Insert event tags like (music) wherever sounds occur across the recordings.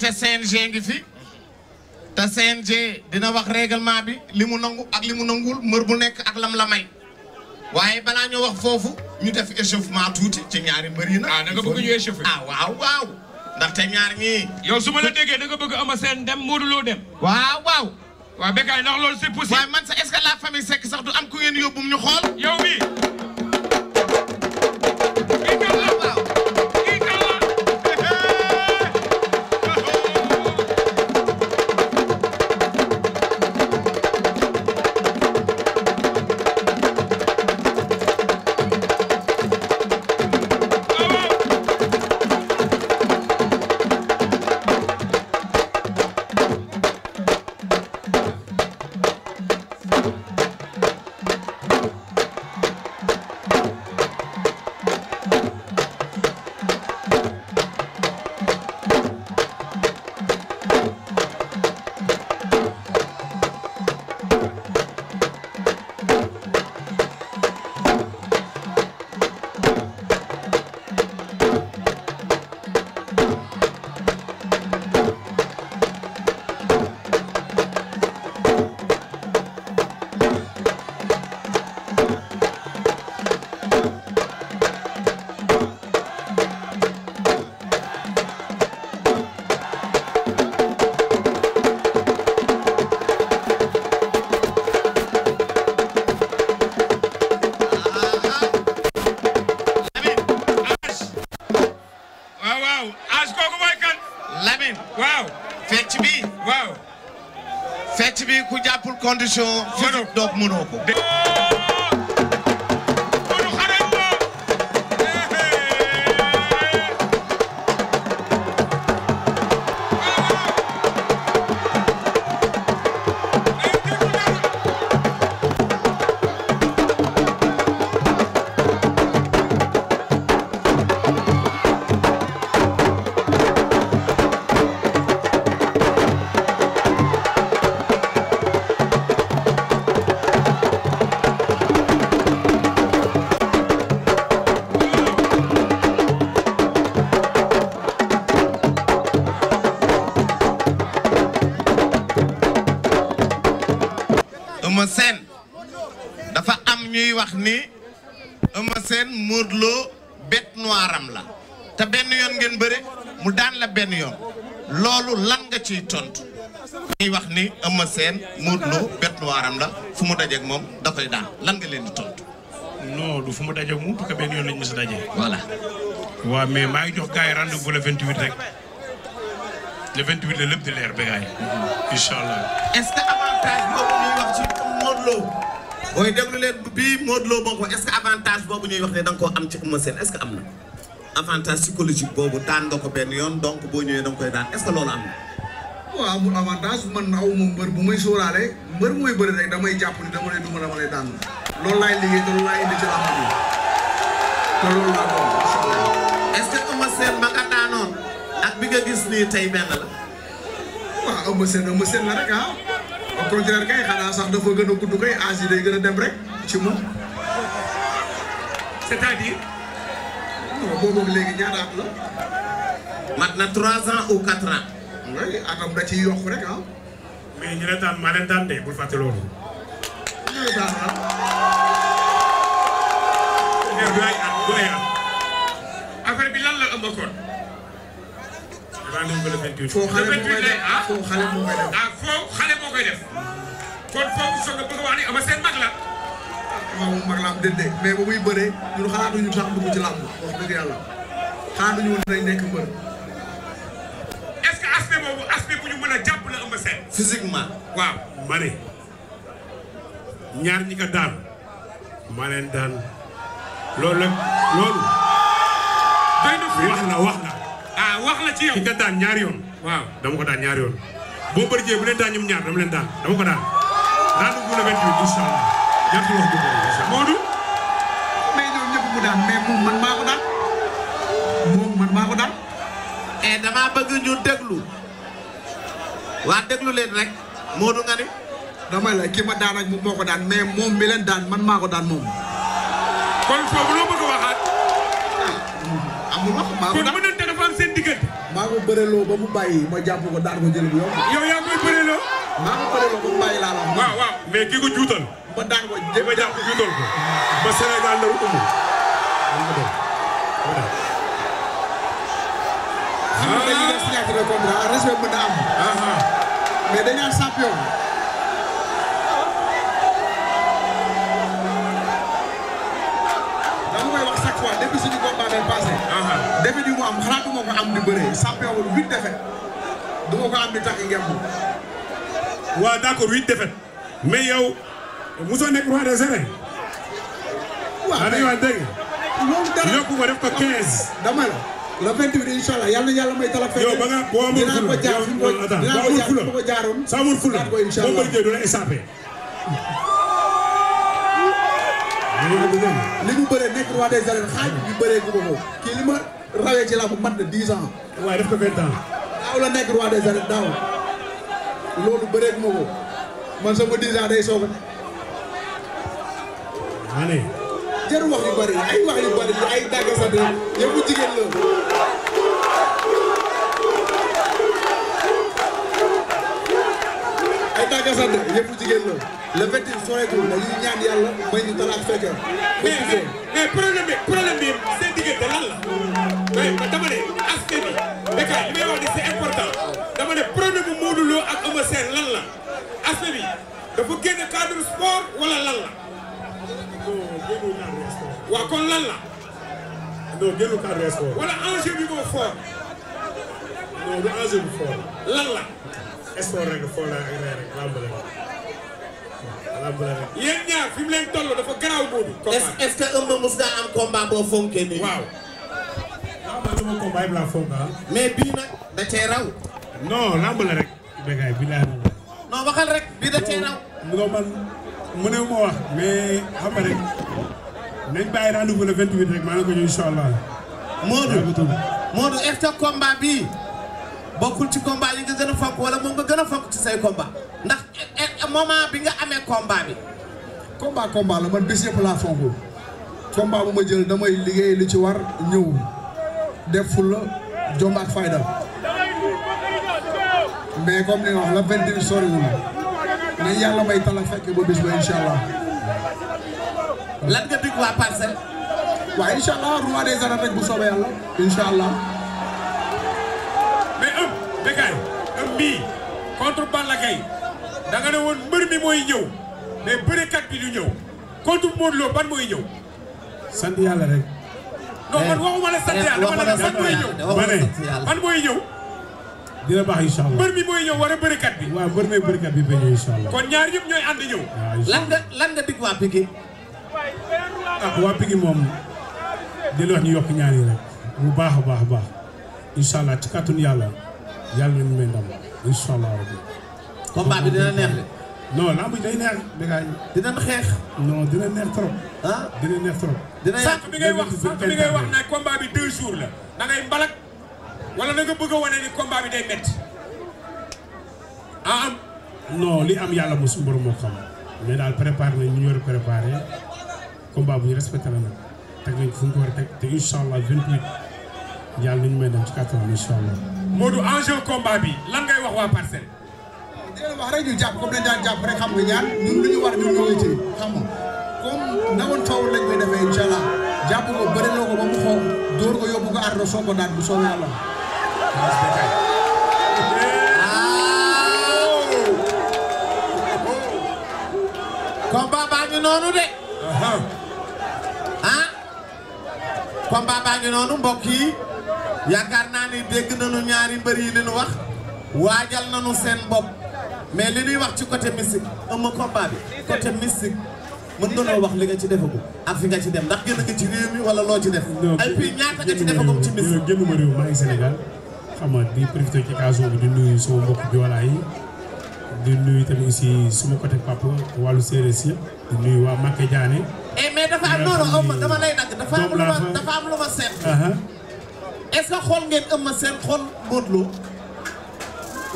ndaxte CNG ngi fi te CNG dina wax règlement bi li mu nangu ak li mu nangul mbër bu nekk ak lam la may waaye balaa ñu wax foofu ñu def échauffement tuuti ci ñaari mbër yi nag. ah da nga bëgg ñu échauffer ah waaw waaw. ndaxte ñaar ñii. yow su ma la déggee da nga bëgg ama seen dem Modou Lo dem. waaw waaw. waaw Bécaye ndax loolu c'est possible. sax famille Seck sax du am ku ngeen yóbbum ñu xool. yow ku jàppul condition physique doog mënoo ko wax ni Eumeu Sène Modou Lo bête noire am la te benn yoon ngeen bëre mu daan la benn yoon loolu lan nga ciy tontu ñuy wax ni Eumeu Sène Modou Lo bête noire am la fu mu dajeeg moom da koy daan lan nga leen di tontu. non du fu mu dajeeg moom parce que benn yoon mais maa ngi jox gars yi rendez-vous le le 28 lépp di leer ba booy déglu leen bii Modou Lo moo ko est-ce avantage boobu ñuy wax ne da nga koo am ci Eumeu Sène est-ce que am na avantage psychologique boobu daan nga ko benn yoon donc boo ñëwee da nga koy daan est-ce que loolu am na. waaw amul avantage man ma mbër bu may sóoraale mbër mooy damay jàpp ni dama lay duma dama lay loolu laay liggéey te loolu laay indi ci làmb bi te loolu laa nga daanoon ak bi nga gis nii tey benn la. waaw Eumeu Sène Eumeu Sène la rek ah. contraire kay xanaa sax dafa gën a gudd kay âge day gën a dem rek ci moom. c'est-à-dire. non boobu ak léegi ñaata at la. mat na trois ans ou quatre ans. oui atam da ciy yokk rek ah. mais ñu ne daan maa de bul fàtte loolu. ñu ne daan ah. bi mu ngi le foo xale mu ngi lay foo xale mu ngi lay koy def kon foofu soog a bëgg a wax ni ama mag la. waaw moom mag la am déedéet mais ba muy bëree ñun xalaatuñu sax ñu mën a jàpp la ama seen. ma ne ñaar ñi ko daan ma leen daan loolu la loolu. doy na wax na wax na. ah wax na ci yow. ki nga daan ñaari yoon. waaw dama ko daan ñaari yoon. boo bërjee bu leen daan ñoom ñaar dama leen daan dama ko daan rendez-vous le 28 incha allah jartu wax dëgg yàlla incha mu daan man maa daan moom man maa ko daan. et eh, damaa bëgg ñu déglu waa déglu leen rek Moodu nga ni. damay la kii ma daan ak moom moo ko daan mais moom mi leen daan man maa ko daan moom. kon foofu loo bëgg a waxaat. Ah, amul wax maa daan kon mënante dafa am seen diggante. maa ko bëreloo ba mu bàyyi ma jàpp ko daan ko jël bu yomb. yow yaa koy bëreloo. maa ko bëreloo ba mu bàyyi laa la wax. waaw waaw mais ki ko juutal. ba daan ko jël ba jàpp juutal ko. ba Sénégal la ko ëmb. xam nga dañuy def signature contrat respect mën na am. mais dañu naan champion. dama koy wax chaque fois depuis suñu combat bi passé. défaite yu mu am xalaat du ma ko am di bëree champion huit défaite du ma ko am di takk ngemb. waaw d'accord huit défaite mais yow mosoo nekk roi des arènes. waaw dañu wax dëgg. loolu dara yokku ko def ko quinze. dama la le vingt huit incha allah yal na yàlla may tala fekk. yow ba nga boo amul fula yow attends boo boo bëri jël du la échappé. rawee ci làmb mat na dix ans. waaye def ko vingt ans. daaw la nekk roi des arènes daaw loolu bëreet ma ko man sama dix ans day soog a. maa ne. jarul wax yu bari ay wax yu bari ay dàgg sa de yëpp jigéen la. ay la. le vingt et un soixante dañuy ñaan yàlla may ñu talaak fekk. mais mais problème bi problème bi seen diggante lan la. génne cadre sport wala lan la. waaw kon lan la. non génnu cadre sport. wala enjeu bi moo fort. non du enjeu bi fort. lan la. sport rek fort la ak rek rek làmb la làmb la rek. yéen ñaar fi mu leen toll dafa garaaw boobu. est ce que ëmb mos daa am combat boo fonkee nii. waaw. Ah. mais bii nag da cee raw. non làmb la rek. béykat yi bi non waxal rek bii da cee raw. non man mënew ma wax mais xam nga rek nañ bàyyi rendez-vous le 28 rek maa ngi ko ñu incha allah. Modou Modou bokkul ci combat yi nga gën a wala moom nga gën a fonk ci say combat ndax eh, eh, moment bi nga amee combat bi. combat combat la man bés yëpp laa fonk combat ma jël damay liggéey li ci war ñëw def fulla jom ak mais comme li nga wax la vingt deux soriwul mais yàlla may tala fekk ba bis ba allah. lan nga dig waa parcelle. waaw incha allah roi des rek bu soobee yàlla incha allah. mais ëm Bécaye ëm bii contre Balla Gaye da nga ne woon mbër mi mooy ñëw mais bërekat bi du ñëw contre Modou Lo ban mooy ñëw. sant yàlla rek. non man waxuma la sant eh, yàlla dama la mooy ñëw. ban mooy ñëw. dina baax incha allah mi mooy ñëw war a bërikat bi. waaw mbër mooy bërikat bi ba ñëw incha allah. kon ñaar ñëpp ñooy ànd ñëw. lan nga lan nga dig waa Pikine. ah waa Pikine moom di wax ñu yokk ñaar yi rek bu baax a baax a baax incha allah ci kàttun yàlla yàlla nañu may ndam incha allah bi dina neex de. non lamb bi day neex dégg dinañ xeex. non dina neex trop. Ah? dina neex trop. ngay wax ne combat bi deux la da ngay wala da nga bëgg a ni combat bi day métti. Ah, am. non li am yàlla moom suñu borom moo xam mais daal préparé nañ ñu war a bu ñu respecté la nag teg nañ fu ñu ko ci kattan incha allah. Modou enjeu bi lan wax waa parcelle. ci xam nga comme nawoon taw lañ koy defee incha allah jàpp ko bëri loo ko ba mu dóor ko yóbbu ko àdduna soo ko daan bu soobee yàlla. Ah. combat baa ngi noonu de. ah. combat baa ngi noonu mbokk yi yaakaar naa ni dégg nañu ñaari mbër yi li ñu wax waajal nañu seen bopp mais li ñuy wax ci côté mystique ëmb combat bi côté mystique mën nga loo wax li nga ci defagum ak fi nga ci dem ndax génn nga ci réew mi wala loo ci def. ay puis ñaata nga ci defagum ci mystique. génnuma réew maa ngi Sénégal. xam nga di profité ci occasion bi di nuyu sama mbokk joolaa yi di nuyu tamit aussi suma côté papa wàllu séeréer si di nuyu waa Màkke Jaane. Eh, mais dafa am noonu ëmb dama lay nag dafa am lu ma dafa am lu ma seet. est-ce que xool ngeen ëmb seen xool Modou Lo.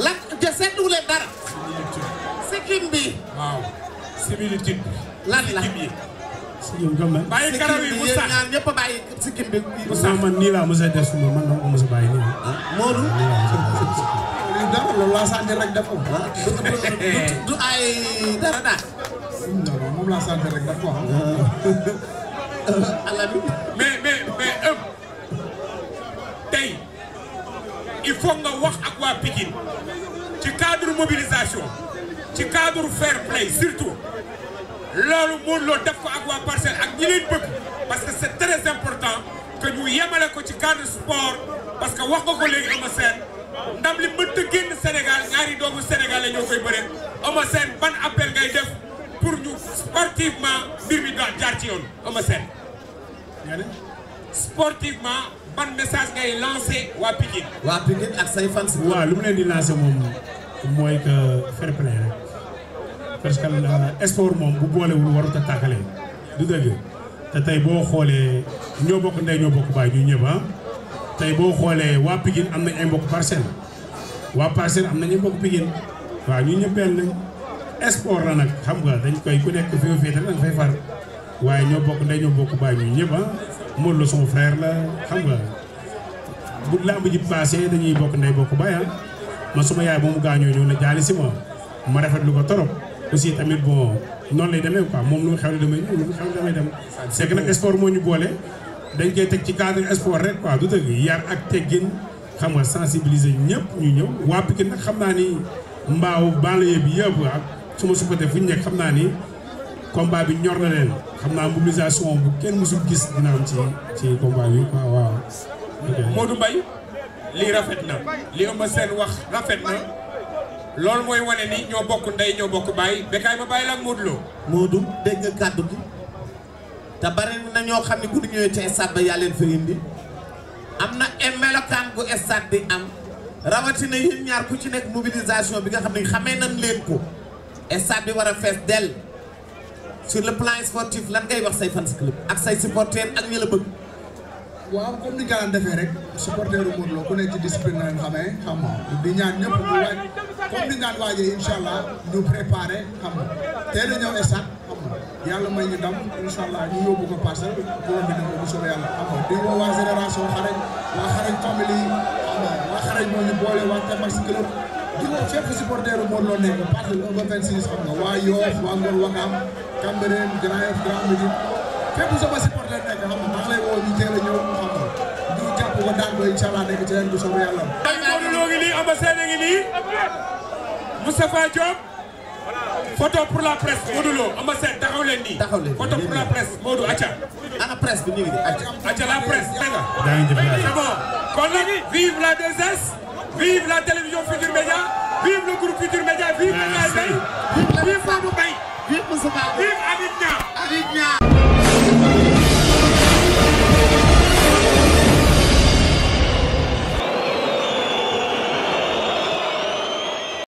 lan te seetlu leen dara. sikkim bi. waaw similitude bi. lan la sikkim yi. sikkim gëm na. bàyyi garab yi mu sax sikkim bi yéen ñaar ñëpp a bàyyi sikkim bi mu sax. man nii laa mos a des man dama ko mos a bàyyi nii. Modou. yu (laughs) dara loolu laa sant rek dafa am. Ah. du ay dara daal. moom laa sant rek dafa am. Ah. (laughs) ala bi mais tey il faut nga wax ak waa Pikine ci cadre mobilisation ci cadre fair play surtout loolu Modou Lo def ko ak waa Parcelles ak ñi bëgg parce que c'est très important que ñu yemale ko ci cadre sport. parce que wax nga ko léegi Eumeu Sène li mënta génn Sénégal ñaari doomu Sénégal la koy bëre Eumeu ban appel ngay def pour ñu sportivement mbir mi daal jaar ci yoon Eumeu sportivement ban message ngay lancé waa Pikine waa Pikine ak say fans waaw lu mu leen di lancé moom mooy que fair play rek sport moom bu boolewul warut a tàkkale du dëgg te tey boo xoolee ñoo bokk ndey ñoo bokk baay ñu ñëpp ah. tey boo xoolee waa Pikine am nañ ay mbokk Parcelles waa Parcelles am nañu mbokk Pikine waaw ñu ñëpp benn nañ la nag xam nga dañ koy ku nekk fi nga féete da fay far waaye ñoo bokk ndey ñoo bokk baay ñu ñëpp ah Modou Lo sama la xam nga bu làmb ji passé dañuy bokk ndey bokk baay ah man suma yaay moomu gaañoo ñëw na si ma ma rafetlu ko torop aussi tamit bon noonu lay demee quoi moom lu mu xew la damay ñëw lu xew la damay dem c'est que moo ñu boole dañ koy teg ci cadre sport rek quoi du dëgg yar ak teggin xam nga sensibiliser ñëpp ñu ñëw waa Pikine nag xam naa ni mbaaw banlieue bi yëpp ak ah, suma supporter fu ñu nekk xam naa ni combat bi ñor na leen xam naa mobilisation bu kenn mësul gis dina am ci ci combat bi quoi waaw. Modou Mbaye lii rafet na li ma seen wax rafet na loolu mooy wone ni ñoo bokk ndey ñoo bokk baay Bécaye ma bàyyi la ak Modou Lo. Modou dégg nga kàddu gi. te bari na ñoo xam ne bu ñu ñëwee ci stade ba yaa leen am na melokaan bu stade di am rawatina yéen ñaar ku ci nekk mobilisation bi nga xam ne xamee nañ leen ko stade bi war a fees dell sur le plan sportif lan ngay wax say fans ak say supporters ak ñi la bëgg. waaw comme ni nga daan defee rek supporteru Modou Lo ku nekk ci discipline la xamee xam nga di ñaan ñëpp bu waaj comme ni nga daan waajee allah ñu préparé xam nga teel a ñëw stade. yàlla may ñu dam incha allah ñu yóbbu ko parcelle borom bi def ko bu soobee yàlla xam nga di woo waa génération xarañ waa xarañ famille xam nga waa xarañ moo ñu boole waa Tefax club di woo fépp supporter yu Modou Lo nekk parcelle 1 ba 26 xam nga waa Yoff waa Ngor Wakaam Cambérène Grand Yoff Grand Médine fépp sama supporter nekk xam nga maa lay woo ñu teel a ñëw xam nga ñu jàpp ko daan ko incha allah nekk ci leen bu soobee yàlla. Modou Lo ngi nii Ama Sène ngi nii Moustapha Diop. photo pour la presse Modou Lo ama seen taxaw leen nii. taxaw leen photo pour la presse Modou Acha. ana presse bi ñu ngi di la presse dégg nga. c'est kon nag vive la 2 vive la télévision Futur Média vive le groupe Futur Média vive Abdoulaye Mbaye vive Babou Mbaye